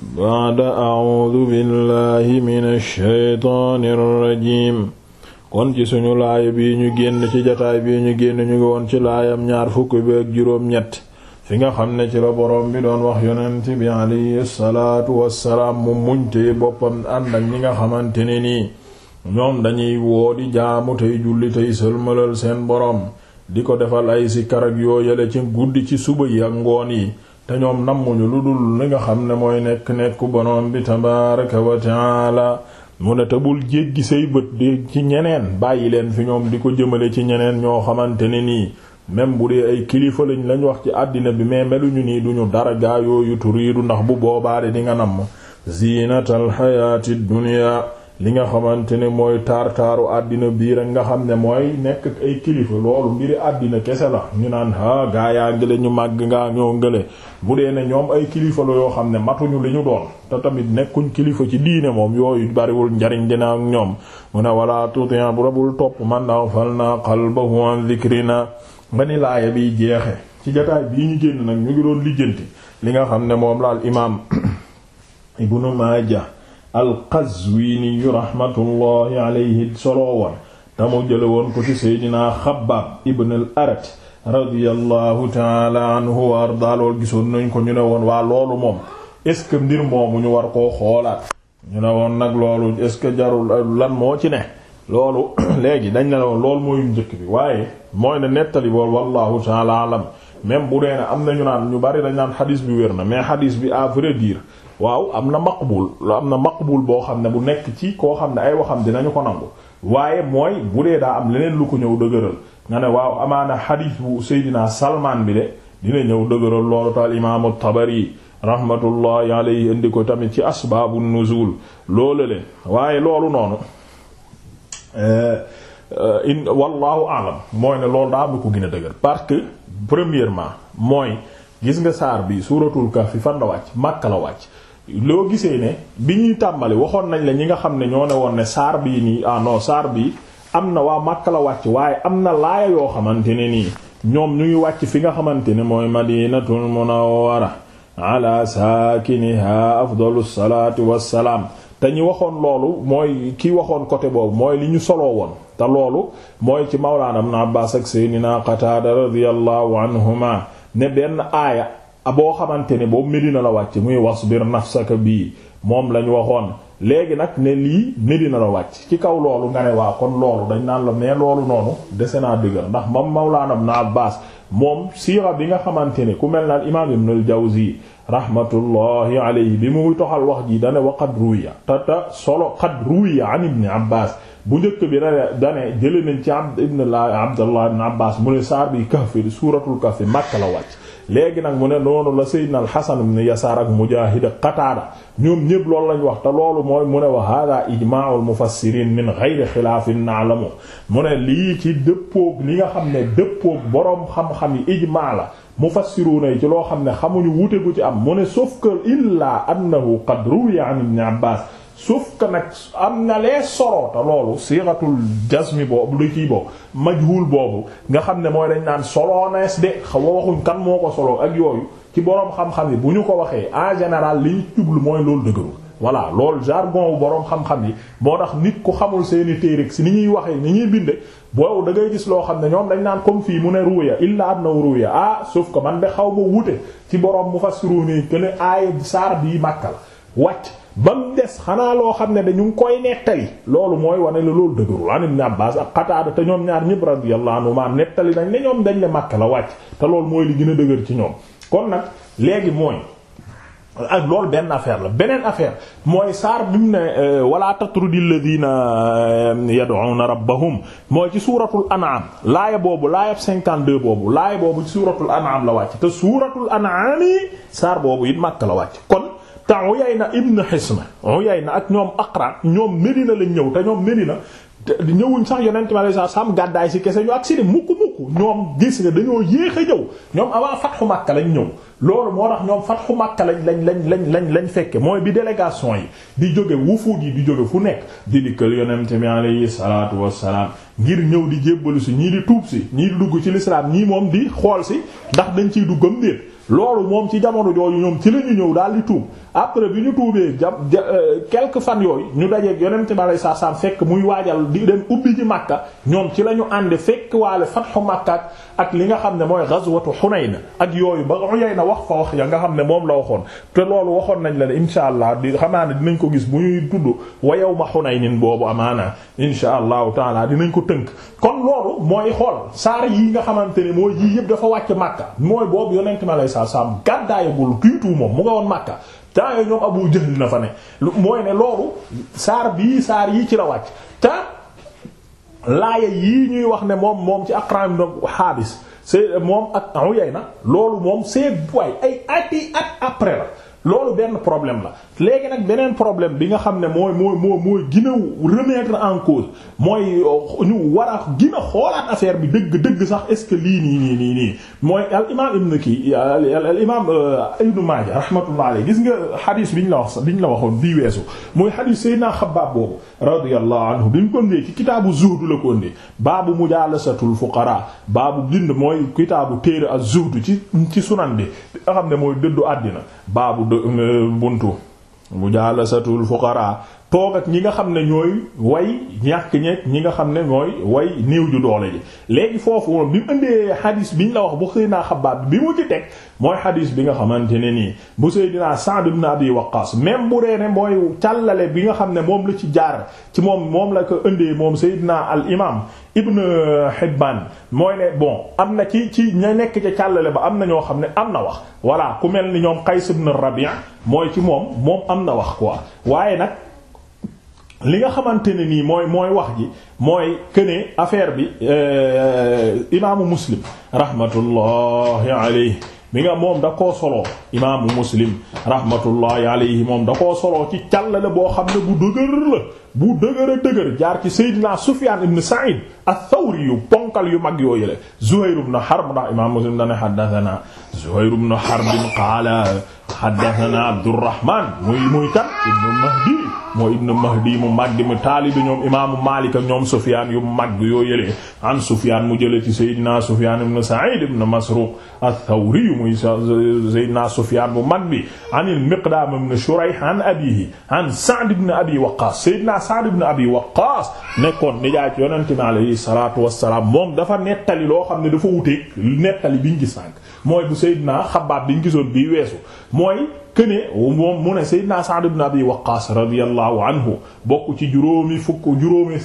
baada audu billahi min alsheytaani irrajim kon ci suñu laaya bi ñu génn ci jataay bi ñu génn ñu ngi woon ci laayam ñaar fukk bi ak juróom-ñett fi nga xam ne ci la boroom bi doon wax yonant bi alayhi salaatu wassalaam mu muñtee boppam ànd ak ñi nga xamante ne nii ñoom dañuy woo di jaamu tey julli tey sëlmalal seen boroom di ko defal ay si karak yoo yele ci guddi ci suba yi ak ngoon yi te ñoom nammuñu lu dul li nga xam ne mooy nekk nekku borom bi tabaaraka wa taala mu ne te bul jéggi say bët di ci ñeneen bàyyi leen fi ñoom di ko jëmale ci ñeneen ñoo xamante ne nii même bu dee ay kilifa lañ lañ wax ci àddina bi mais meluñu nii duñu dara gaa yooyu turiidu ndax bu boobaade di nga namm ziinatal xayaati dunya li nga xamante ne mooy taar-taaru àddina bii rek nga xam ne mooy nekk ay kilifa loolu mbiri àddina kese la ñu naan a gaa yaa ngële ñu màgg ngaa ñoo ngële bu dee ne ñoom ay kilifa la yoo xam ne matuñu li ñu doon te tamit nekkuñ kilifa ci diine moom yooyu bariwul njariñ dina ak ñoom mu ne wala tuutian bu rabul topp man aw fal naa qalbahu an dhikrina biy jeexe ci jotaay bii ñu génn nag ñu ngi doon lijjanti li nga xam ne moom laal imaam alqazwiiniyu raxmatullahi alayhi solo woon te mu jële woon ko ci seydinaa xabaab ibn al arat radiyallahu taala anhu wa ardaa lool gisoon nañ ko ñu ne woon waa loolu moom est-ce que mbir moomu ñu war koo xoolaat ñu ne woon nag loolu est-ce que jarul lan moo ci ne loolu léegi dañ ne la woon loolu mooy njëkk bi waaye mooy ne nettali bool wallahu taala alam même bu dee ne am nañu naan ñu bari dañ naan xadiis bi wér na mais xadiis bi à vrai waaw am na maqbul am na maqbul boo xam ne bu nekk ci koo xam ne ay waxam dinañu ko nangu waaye mooy bu dee daa am leneen lu ko ñëw dëgëral nga ne waaw amaana xadiis bu Seydina Salmaan bi de dina ñëw dëgëral loolu taal imaamu Tabari rahmatullahi alayhi indi ko tamit ci asbaabu nuzul loolu leen waaye loolu noonu in eh, eh, wallahu alam mooy ne loolu daa am lu ko gën dëgër parce que premièrement mooy gis nga saar bi suuratul kahf fan la wàcc Makka la wàcc loo gisee ne bi ñuy tàmbali waxoon nañ la ñi nga xam ne ñoo ne woon ne saar bii nii ah non saar bii am na waa Makka la wàcc waaye am na laaya yoo xamante ne nii ñoom ñuy wàcc fi nga xamante ne mooy Madinatul Munawwara ala saakiniha afdalu salaatu wassalaam te ñi waxoon loolu mooy ki waxoon côté boobu mooy li ñu soloo woon te loolu mooy ci mawlaana ibn Abbaas ak Seydina Qataada radiyallahu anhuma ne benn aaya boo xamante ne boobu Medina la wàcc muy wax wasbir nafsaka bii moom lañ waxoon léegi nag ne lii Medina la wàcc ci kaw loolu nga ne waa kon loolu dañ naan la mais loolu noonu dese naa dëgër ndax mam Mawlaana Ibn Abbaas moom siira bi nga xamante ne ku mel na imaam Ibn al-Jawzi rahmatullahi alayhi bi muy toxal wax ji dane wa qad ruya tata solo qad ruya an Ibn Abbaas bu njëkk bi dane jële nañ ci Abdullah Abdullah Ibn Abbaas mu ne saar bi Kahf suuratul Kahf Makka la wàcc léegi nag mu ne noonu la sayyidna al-Hasan ibn Yasaar ak Mujaahid Qataada ñoom ñëpp loolu lañu wax te loolu mooy mu ne wa haadaa ijmaa'ul mufassiriin min ghayri xilaafin na'lamu mu ne lii ci dëppoog li nga xam ne dëppoog boroom xam-xam yi ijmaa la mufassiruna yi ci loo xam ne xamuñu wuute gu ci am mu ne sauf que illaa annahu qad ruwiya an ibn Abbaas suuf que nag am na lee soroota loolu siratul jazmi boobu lu kii boobu majhul boobu nga xam ne mooy dañ naan soloonees de xaw waxuñ kan moo ko soloo ak yooyu ci boroom xam-xam yi bu ñu ko waxee en général liñ jublu mooy loolu dëgërul voilà loolu jargon wu boroom xam-xam yi moo tax nit ku xamul seeni téere si ni ñuy waxee ni ñuy binde boobu da ngay gis loo xam ne ñoom dañ naan comme fii mu ne ruuya illa am na ruuya ah sauf que man de xaw ma wute ci boroom mufassiru ni que ne saar bii màkka wàcc ba mu des xanaa loo xam ne dañu ngi koy nettali loolu mooy wane la loolu dëgërul an ibn Abbaas ak Qataada te ñoom ñaar ñëpp radiyallahu anhuma nettali nañ ne ñoom dañ ne Makka la wàcc te loolu mooy li gën a dëgër ci ñoom kon nag léegi mooy ak loolu benn affaire la beneen affaire mooy saar bi mu ne euh, wala tatrudi ladina euh, yad'una rabbahum mooy ci suuratul an'am laaya boobu laayab 52 boobu laaya boobu ci suuratul an'am la wàcc te suuratul an'am yi saar boobu it Makka la wàcc kon te Uyayna ibn Hisn na ak ñoom Aqra ñoom Medina lañ ñëw te ñoom Medina ñëwuñ sax yonent mi alayhi salaam gàddaay si kese ñu ak si di mukk mukk ñoom gis nga dañoo yéex a ñëw ñoom avant fatxu Makka lañ ñëw loolu moo tax ñoom fatxu Makka lañ lañ lañ lañ lañ lañ fekke mooy bi délégation yi di jóge wufuud yi di jóge fu nekk di dikkal yonent mi alayhi salaatu wassalaam ngir ñëw di jébbalu si ñii di tuub si ñii di dugg ci lislaam ñii moom di xool si ndax dañ ciy am déet loolu moom ci jamono jooju ñoom ci la ñu ñëw daal di tuub après bi ñu tuubee ja euh, quelques fan yooyu ñu dajeeg yonent lay alayhi salaam fekk muy waajal di dem ubbi ji Makka ñoom ci la ñu ànd fekk waale fatxu Makka ak li nga xam ne mooy ghazwatu Hunayn ak yooyu ba Uyayna wax fa wax ya nga xam ne moom la waxoon te loolu waxoon nañ la ne insha allah di xamaa ne dinañ ko gis bu ñuy tudd wa yawma Hunaynin boobu amaana insha allahu taala dinañ ko tënk kon loolu mooy xool saar yi nga xamante ne mooy yii dafa wàcc Makka mooy boobu yonent bi saa saam gàddaayagul kiitu moom mu nga woon Makka temps yooyu ñoom Abu Jahl na fa ne mooy ne loolu saar bii saar yi ci la wàcc te laaya yii ñuy wax ne moom moom ci Aqram ibn Habis c'est moom ak loolu moom c'est way ay la loolu benn problème la léegi nag beneen problème bi nga xam ne mooy mooy moo mooy gën a remettre en cause mooy euh, ñu war a gën a xoolaat affaire bi dëgg dëgg sax est-ce que lii nii nii mooy al imam ibn kii al imam euh, ibn Maaja rahmatullah alayhi gis nga xadiis bi ñu la wax bi ñu la waxoon bii weesu mooy xadiis Seydina Xabbaab boobu radiyallahu anhu bi mu ko ndee ci kitaabu zuhdu la ko ndee baabu mujaalasatul fuqaraa baabu bind mooy kitaabu téere az-zuhdu ci ci sunan bi nga xam ne mooy dëddu àddina buntu bu jaalasatul fuqaraa toog ak ñi nga xam ne ñooy way ñàkk ñeeg ñi nga xam ne mooy way néew ju doole ji léegi foofu moom bi mu indee bi ñu la wax bu Seydina Xabbaab bi mu ci teg mooy xadis bi nga xamante ne nii bu Seydina Sa'd ibn Abi Waqqas même bu dee mooy càllale bi nga xam ne moom la ci jaar ci moom moom la ko indee moom Seydina al imam Ibn Hibban mooy ne bon am na ci ci ña nekk ca càllale ba am na ñoo xam ne am na wax voilà ku mel ni ñoom Qays ibn Rabi' mooy ci moom moom am na wax quoi waaye nag li nga xamante ne nii mooy mooy wax ji mooy këne affaire bi euh, imaamu muslim rahmatullahi alayhi mi nga moom da solo soloo imaamu muslim rahmatullahi alayhi moom da koo soloo ci càllale boo xam ne bu dëgër la bu dëgër a dëgër jaar ci Seydina Sufyaan ibn Sa'id ath-Thawri yu ponkal yu mag yooyu la Zuhayr ibn Harb ndax imaam muslim dana haddathana Zuhayr ibn Harb qaala xaddathana abdurrahman muy muy kan ibnu mahdi mooy ibnu mahdi mu màgg mu taalibi ñoom imaamu maalik ak ñoom sufyaan yu màgg yoo yëlee an sufyaan mu jële ci sayyidina sufyaan ibnu sa'id ibnu masruq ath-thawri muy sayyidina sufyaan bu mag bi an al-miqdaam ibnu shurayh an abiihi an sa'd ibnu abi waqqaas sayyidina sa'd ibnu abi waqqaas nekkoon nijaay ci yonente bi alayhi salaatu wassalaam moom dafa nettali loo xam ne dafa wuteeg nettali biñ gis sànq mooy bu sayyidina xabbaab biñ gisoon bii weesu mooy këne moom mu ne Seydina Sa'd ibn Abi Waqqas radiyallahu anhu bokk ci juróomi fukk juróomi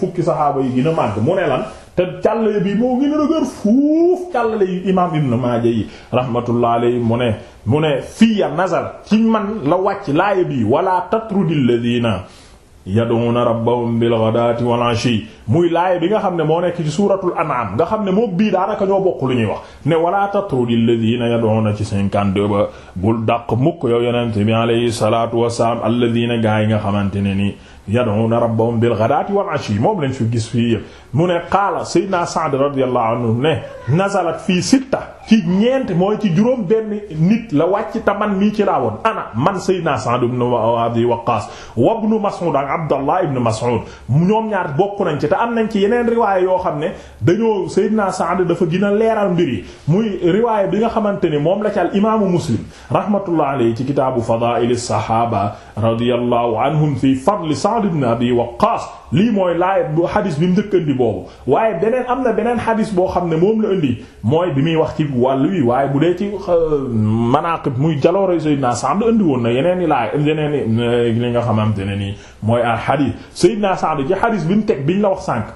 fukki saxaaba yi gën a màgg mu ne lan te càllale bi moo gën a dëgër fuuf càllale yu imaam Ibn Maaja yi rahmatullah alayhi mu ne mu ne fiya nazar ci man la wàcc laaya bi wala tatrudil ladina yad'una rabbahum bil ghadati wal ashi muy laay bi nga xam ne moo nekk ci suuratul an'am nga xam ne moom bii daanaka ñoo bokk lu ñuy wax ne wala tatrudil ladina yad'una ci 52 ba bul dàq mukk yow yonente bi alayhi salatu wasalaam alladina gaa yi nga xamante ne nii yad'una rabbahum bil ghadati wal ashi moom lañ fi gis fii yëpp mu ne qaala sayyidina Sa'd radiyallahu anhu ne nazalat fii sitta ci ñeent mooy ci juróom benn nit la wàcc ta man mii ci laa woon ana man sayyidina Sa'd ibn Abi Waqqas wa ibn Mas'ud ak Abdallah ibn Mas'ud ñoom ñaar bokk nañ ci te am nañ ci yeneen riwaaya yoo xam ne dañoo sayyidina Sa'd dafa gën leeral mbir yi muy riwaaya bi nga xamante ni moom la ci al imaamu Muslim rahmatullahi alayhi ci Sa'd ibn Abi Waqqas lii mooy laay xadis bi mu njëkk indi boobu waaye beneen am na beneen xadis boo xam ne moom la indi mooy bi muy wax ci wàllu wi waaye bu dee ci euh, manaqib muy jaloore Seydina Sa'd indi woon na yeneen i laay yeneen i euh, li nga xamante ne nii mooy al xadis Seydina Sa'd ci xadis bi mu teg biñ la wax sànq.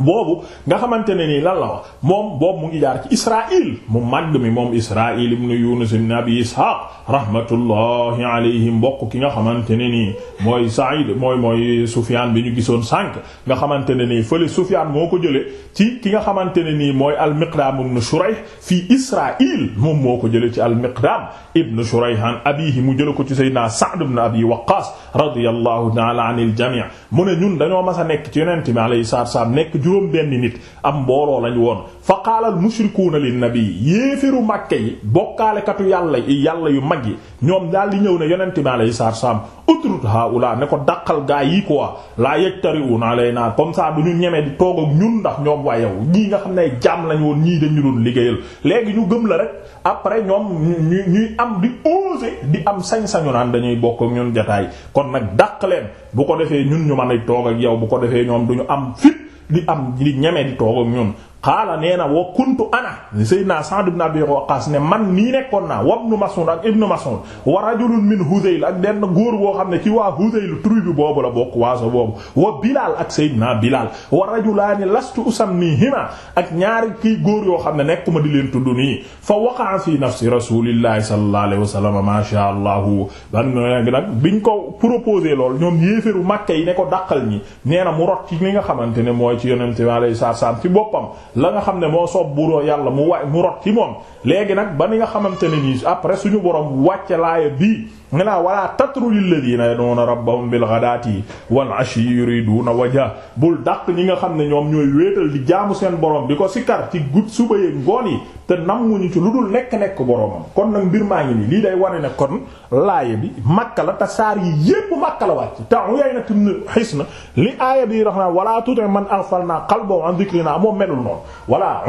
boobu nga xamante ne nii la wax moom boobu mu ngi jaar ci Israaïl mu màgg mi moom Israaïl ibn Yunus ibn Abi Ishaq rahmatullahi alayhi mbokk ki nga xamante ne nii mooy Sa'id mooy mooy Sufyaan bi ñu gisoon sànq nga xamante ne nii fële Sufyaan moo ko jëlee ci ki nga xamante ne nii mooy al-Miqdaam ibn Shurayh fii Israaïl moom moo ko jëlee ci al-Miqdaam ibn Shurayh an abiihi mu jëlee ko ci Sayyidina Sa'd ibn Abi Waqqaas radiyallahu ta'ala anil jamii' mu ne ñun dañoo mas a nekk ci Yonent bi alayhi salaatu juróom benn nit am mbooloo lañu woon fa qaala al mushrikuuna lin nabi yéeféru màkke yi bokkaalekatu yàlla yi yàlla yu mag yi ñoom daal di ñëw ne yonente bi alayhi salaam utrut haula ne ko daqal gaa yi quoi laa yajtari'una alayna comme ça du ñu ñeme toog ak ñun ndax ñoom waa yow ñii nga xam ne jaam lañ woon ñii dañu doon liggéeyal léegi ñu gëm la rek après ñoom ñu ñuy am di oser di am sañ-sañu naan dañuy bokk ak ñun jotaay kon nag dàq leen bu ko defee ñun ñu mën a toog ak yow bu ko defee ñoom duñu am fit di am di ñeme di toog ak ñoom qaala nee na wa kuntu ana sayyidina Sa'd ibn Abi Waqqas ne man mii nekkoon naa wa ibnu Mas'ud ak ibnu Mas'ud wa rajulun min Hudayl ak benn góor boo xam ne ci waa Hudayl tribu boobu la bokk waaso boobu wa Bilal ak sayyidina Bilal wa rajulaani lastu usammihima ak ñaari kii góor yoo xam ne nekkuma di leen tudd nii fa waqa'a fi nafsi rasulillahi sallallahu alayhi wa sallam ma sha Allah ban nag biñ ko proposé lool ñoom yéeferu Makka yi ne ko dàqal ñi nee na mu rot ci nga xamante ne mooy ci yonente bi alayhi salaam ci boppam la nga xam ne moo soob buroo yàlla mu wa mu rot ci moom léegi nag ba ni nga xamante ni nii après suñu borom wàcce laaya bii nga naa walaa tatru lilladina yaduna rabbahum bil ghadati wal ashi yuriduna wajha bul dàq ñi nga xam ne ñoom ñooy wéetal di jaamu seen borom di ko sikkar ci gudd suba yeeg ngoon yi te nammuñu ci lu dul nekk-nekk boromam kon nag mbir maa ngi nii lii day wane ne kon laaya bi makka la te saar yi yépp makka la wàcc te Uyayna ibn Hisn li aaya bi rax naa wala tuti man aghfalna qalbahu an dhikrina moom melul noonu voilà la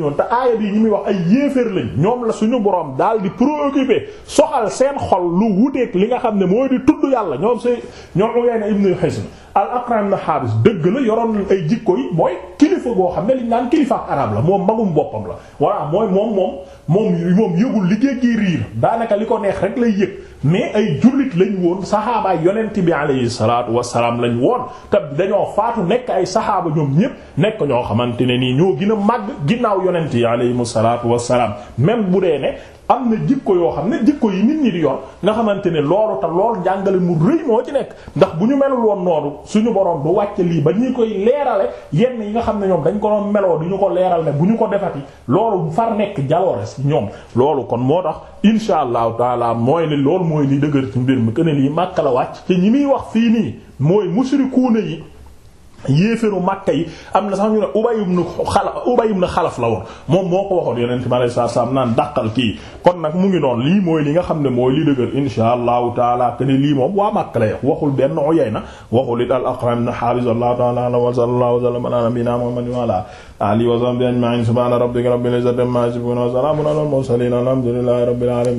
ñoon te aaya bi ñi muy wax ay yéeféer lañ ñoom la suñu borom daal di préoccupé soxal seen xol lu wuteeg li nga xam ne mooy di tudd yàlla ñoom si ñoom Uyayna ibn Hisn al Aqra ibn Habis dëgg la yoroon ay jikko yi mooy kilifa goo xam ne liñ naan kilifa arab la moom magum boppam la voilà mooy moom moom moom moom yëgul liggéey gi riir daanaka li ko neex rek lay yëg mais ay jullit lañ woon saxaabaay yonent bi alayhi salaatu wassalaam lañ woon te dañoo faatu nekk ay saxaaba ñoom ñépp nekk ñoo xamante ne nii ñoo gën a màgg ginnaaw yonent yi alayhimu salaatu wassalaam même bu dee ne am na jikko yoo xam ne jikko yi nit ñi nga xamante ne loolu te loolu jàngale mu rëy moo ci nekk ndax bu ñu melul woon noonu suñu borom bu wàcc lii ba ñi koy leerale yenn yi nga xam ne ñoom dañ ko doon meloo du ñu ko leeral ne bu ñu ko defati loolu far nekk jaloore ci ñoom loolu kon moo tax insha allahu taala mooy ne loolu mooy li dëgër ci mbir mi que ne lii màkk la wàcc te ñi muy wax fii nii mooy musrikuuna yi yéeféru Makka yi am na sax ñu ne Ubay ibn Xalaf Ubay ibn Xalaf la woon moom moo ko waxoon yonent bi alayhi salaam naan dàqal kii kon nag mu ngi noonu lii mooy li nga xam ne mooy li dëgër insha allahu taala te ni lii moom waa Makka lay waxul benn Uyayna waxul it al-Aqra' ibn Haabis wallahu taala wa sallallahu wa sallama ala nabiyyina Muhammadin wa ala alihi wa sahbihi ajma'in subhana rabbika rabbil izzati amma yasifun wa salamun alal mursalin alhamdulillahi rabbil alamin